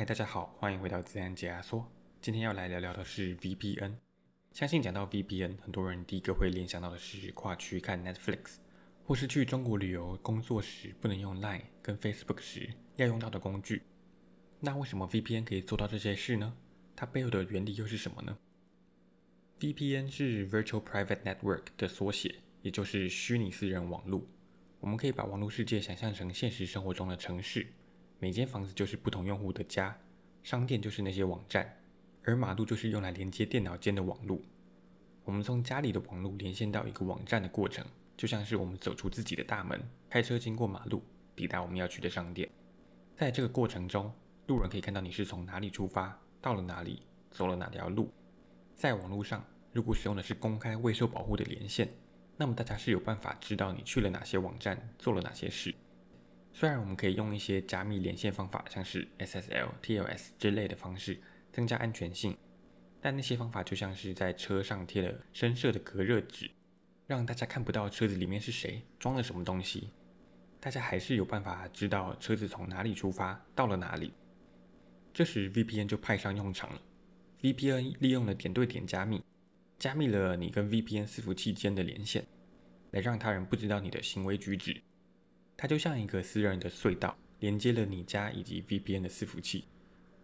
嗨，Hi, 大家好，歡迎回到資安解壓縮。今天要來聊聊的是 VPN。相信講到 VPN，很多人第一個會聯想到的是跨區看 Netflix，或是去中國旅遊工作時不能用 Line 跟 Facebook 時要用到的工具。那為什麼 VPN 可以做到這些事呢？它背後的原理又是什麼呢？VPN 是 Virtual Private Network 的縮寫，也就是虛擬私人網絡。我們可以把網絡世界想象成現實生活中的城市。每間房子就是不同用戶的家，商店就是那些網站，而馬路就是用來連接電腦間的網路。我們從家裡的網路連線到一個網站的過程，就像是我們走出自己的大門，開車經過馬路，抵達我們要去的商店。在這個過程中，路人可以看到你是從哪裡出發，到了哪裡，走了哪條路。在網路上，如果使用的是公開未受保護的連線，那麼大家是有辦法知道你去了哪些網站，做了哪些事。雖然我們可以用一些加密連線方法，像是 SSL、TLS 之類的方式增加安全性，但那些方法就像是在車上貼了深色的隔熱紙，讓大家看不到車子裡面是誰裝了什麼東西。大家還是有辦法知道車子從哪裡出發，到了哪裡。這時 VPN 就派上用場了。VPN 利用了點對點加密，加密了你跟 VPN 伺服器間的連線，來讓他人不知道你的行為舉止。它就像一個私人的隧道，連接了你家以及 VPN 的伺服器。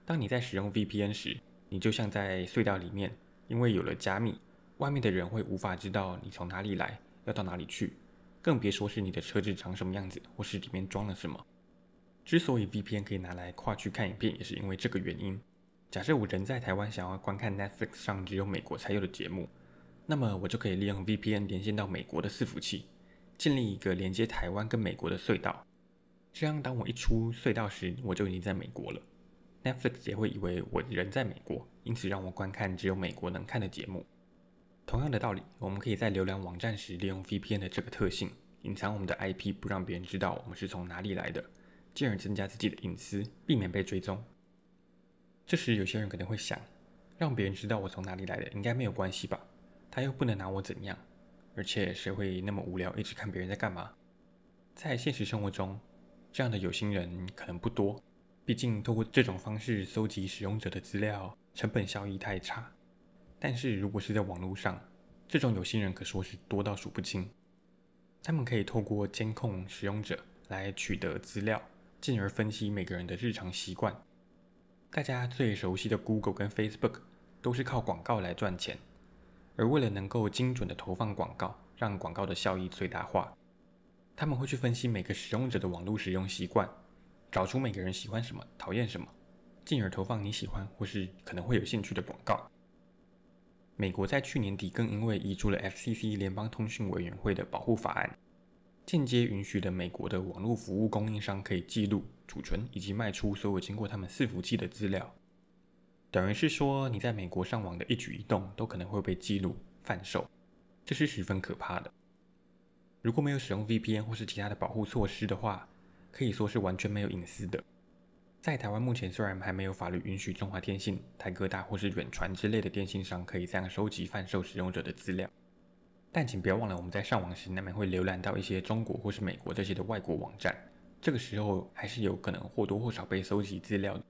當你在使用 VPN 時，你就像在隧道裡面，因為有了加密，外面的人會無法知道你從哪裡來，要到哪裡去，更別說是你的車子長什麼樣子，或是裡面裝了什麼。之所以 VPN 可以拿來跨區看影片，也是因為這個原因。假設我人在台灣，想要觀看 Netflix 上只有美國才有的節目，那麼我就可以利用 VPN 連線到美國的伺服器。建立一個連接台灣跟美國的隧道，這樣當我一出隧道時，我就已經在美國了。Netflix 也會以為我人在美國，因此讓我觀看只有美國能看的節目。同樣的道理，我們可以在瀏覽網站時利用 VPN 的這個特性，隱藏我們的 IP，不讓別人知道我們是從哪裡來的，進而增加自己的隱私，避免被追蹤。這時，有些人可能會想，讓別人知道我從哪裡來的，應該沒有關係吧？他又不能拿我怎樣。而且誰會那麼無聊一直看別人在幹嘛？在現實生活中，這樣的有心人可能不多，畢竟透過這種方式搜集使用者的資料，成本效益太差。但是如果是在網絡上，這種有心人可說是多到數不清。他們可以透過監控使用者來取得資料，進而分析每個人的日常習慣。大家最熟悉的 Google 跟 Facebook 都是靠廣告來賺錢。而為了能夠精準的投放廣告，讓廣告的效益最大化，他們會去分析每個使用者的網絡使用習慣，找出每個人喜歡什麼、討厭什麼，進而投放你喜歡或是可能會有興趣的廣告。美國在去年底更因為移除了 FCC 聯邦通訊委員會的保護法案，間接允許了美國的網絡服務供應商可以記錄、儲存以及賣出所有經過他們伺服器的資料。等於是說，你在美國上網的一舉一動都可能會被記錄、販售，這是十分可怕的。如果沒有使用 VPN 或是其他的保護措施的話，可以說是完全沒有隱私的。在台灣目前雖然還沒有法律允許中華電信、台哥大或是遠傳之類的電信商可以這樣收集、販售使用者的資料，但請不要忘了，我們在上網時難免會瀏覽到一些中國或是美國這些的外國網站，這個時候還是有可能或多或少被搜集資料的。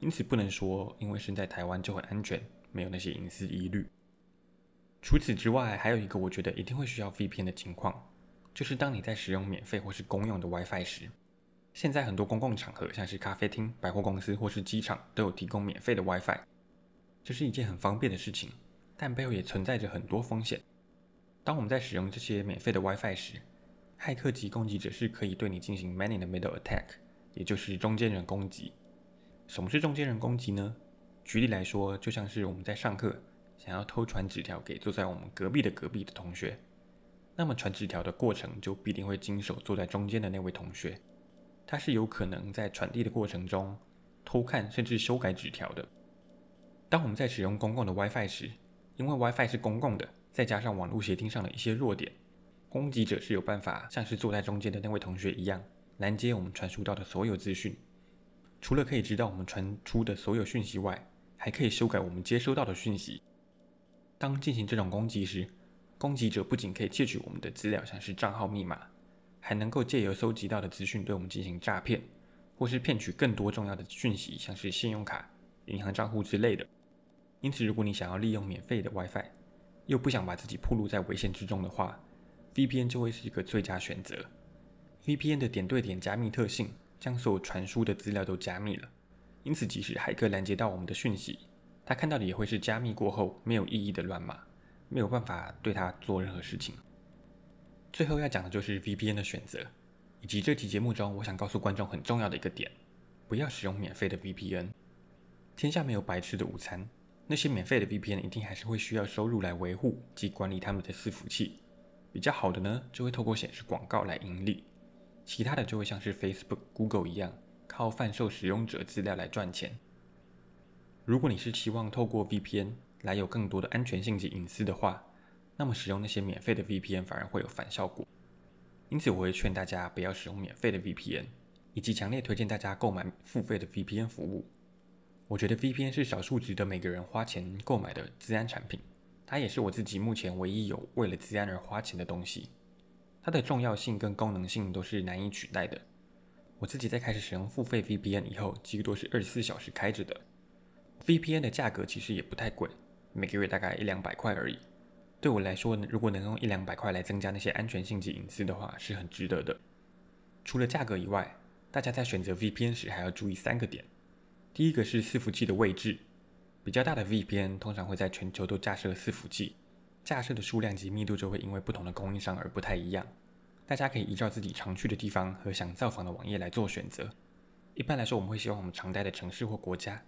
因此不能說，因為身在台灣就很安全，沒有那些隱私疑慮。除此之外，還有一個我覺得一定會需要 VPN 的情況，就是當你在使用免費或是公用的 WiFi 時。現在很多公共場合，像是咖啡廳、百貨公司或是機場，都有提供免費的 WiFi。這是一件很方便的事情，但背後也存在着很多風險。當我們在使用這些免費的 WiFi 時，駭客及攻擊者是可以對你進行 man in the middle attack，也就是中間人攻擊。什麼是中間人攻擊呢？舉例來說，就像是我們在上課，想要偷傳紙條給坐在我們隔壁的隔壁的同學，那麼傳紙條的過程就必定會經手坐在中間的那位同學，他是有可能在傳遞的過程中偷看甚至修改紙條的。當我們在使用公共的 WiFi 時，因為 WiFi 是公共的，再加上網絡協定上的一些弱點，攻擊者是有辦法像是坐在中間的那位同學一樣，攔截我們傳輸到的所有資訊。除了可以知道我們傳出的所有訊息外，還可以修改我們接收到的訊息。當進行這種攻擊時，攻擊者不僅可以竊取我們的資料，像是賬號密碼，還能夠借由蒐集到的資訊對我們進行詐騙，或是騙取更多重要的訊息，像是信用卡、銀行賬戶之類的。因此，如果你想要利用免費的 WiFi，又不想把自己暴露在危險之中的話，VPN 就會是一個最佳選擇。VPN 的點對點加密特性。將所有傳輸的資料都加密了，因此即使海哥攔截到我們的訊息，他看到的也會是加密過後沒有意義的亂碼，沒有辦法對他做任何事情。最後要講的就是 VPN 的選擇，以及這期節目中我想告訴觀眾很重要的一個點：不要使用免費的 VPN。天下沒有白吃的午餐，那些免費的 VPN 一定還是會需要收入來維護及管理他們的伺服器。比較好的呢，就會透過顯示廣告來盈利。其他的就會像是 Facebook、Google 一樣，靠販售使用者資料來賺錢。如果你是希望透過 VPN 來有更多的安全性及隱私的話，那麼使用那些免費的 VPN 反而會有反效果。因此，我會勸大家不要使用免費的 VPN，以及強烈推薦大家購買付費的 VPN 服務。我覺得 VPN 是少數值得每個人花錢購買的資安產品，它也是我自己目前唯一有為了資安而花錢的東西。它的重要性跟功能性都是難以取代的。我自己在開始使用付費 VPN 以後，幾乎都是二十四小時開着的。VPN 的價格其實也不太貴，每個月大概一兩百塊而已。對我來說，如果能用一兩百塊來增加那些安全性及隱私的話，是很值得的。除了價格以外，大家在選擇 VPN 時還要注意三個點。第一個是伺服器的位置，比較大的 VPN 通常會在全球都架設伺服器。下設的數量及密度就會因為不同的供應商而不太一樣。大家可以依照自己常去的地方和想造訪的網頁來做選擇。一般來說，我們會希望我們常待的城市或國家，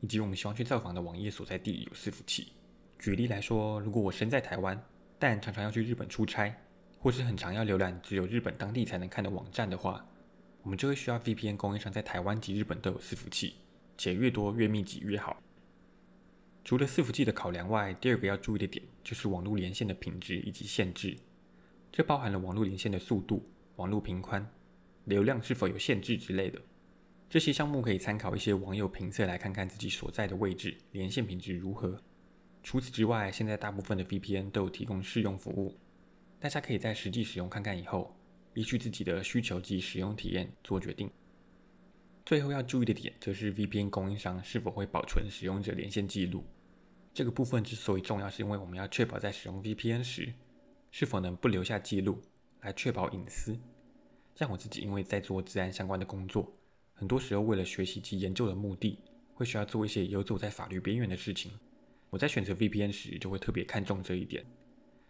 以及我們希望去造訪的網頁所在地有伺服器。舉例來說，如果我身在台灣，但常常要去日本出差，或是很常要瀏覽只有日本當地才能看的網站的話，我們就會需要 VPN 供應商在台灣及日本都有伺服器，且越多越密集越好。除了伺服器的考量外，第二個要注意的點就是網絡連線的品質以及限制，這包含了網絡連線的速度、網絡頻寬、流量是否有限制之類的。這些項目可以參考一些網友評測來看看自己所在的位置連線品質如何。除此之外，現在大部分的 VPN 都有提供試用服務，大家可以在實際使用看看以後，依據自己的需求及使用體驗做決定。最後要注意的點就是 VPN 供應商是否會保存使用者連線記錄。這個部分之所以重要，是因為我們要確保在使用 VPN 時，是否能不留下記錄，來確保隱私。像我自己，因為在做資安相關的工作，很多時候為了學習及研究的目的，會需要做一些游走在法律邊緣的事情。我在選擇 VPN 時，就會特別看重這一點。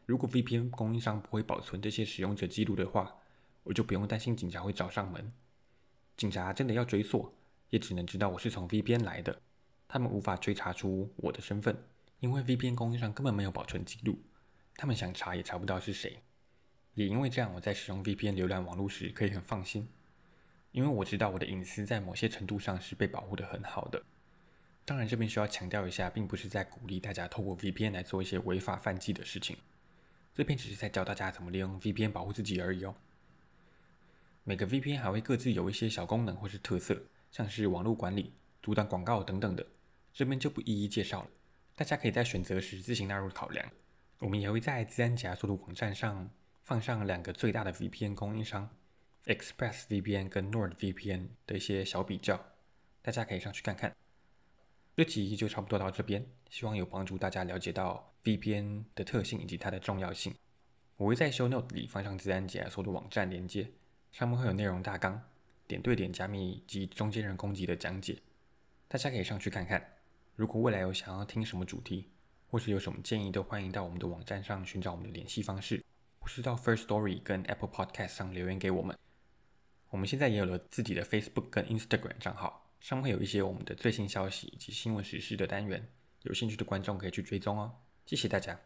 如果 VPN 供應商不會保存這些使用者記錄的話，我就不用擔心警察會找上門。警察真的要追索，也只能知道我是從 VPN 來的，他們無法追查出我的身份，因為 VPN 供應商根本沒有保存記錄，他們想查也查不到是誰。也因為這樣，我在使用 VPN 瀏覽網絡時可以很放心，因為我知道我的隱私在某些程度上是被保護得很好的。當然，這邊需要強調一下，並不是在鼓勵大家透過 VPN 來做一些違法犯紀的事情，這邊只是在教大家怎麼利用 VPN 保護自己而已哦。每個 VPN 還會各自有一些小功能或是特色，像是網絡管理、阻擋廣告等等的，這邊就不一一介紹了。大家可以在選擇時自行納入考量。我們也會在資安解壓縮的網站上放上兩個最大的 VPN 供應商 ExpressVPN 跟 NordVPN 的一些小比較，大家可以上去看看。這集就差不多到這邊，希望有幫助大家了解到 VPN 的特性以及它的重要性。我會在 Show Note 裡放上資安解壓縮的網站連接。上面會有內容大綱、點對點加密以及中間人攻擊的講解，大家可以上去看看。如果未來有想要聽什麼主題，或是有什麼建議，都歡迎到我們的網站上尋找我們的聯繫方式，或是到 Firstory 跟 Apple Podcast 上留言給我們。我們現在也有了自己的 Facebook 跟 Instagram 賬號，上面會有一些我們的最新消息以及新聞時事的單元，有興趣的觀眾可以去追蹤哦。謝謝大家。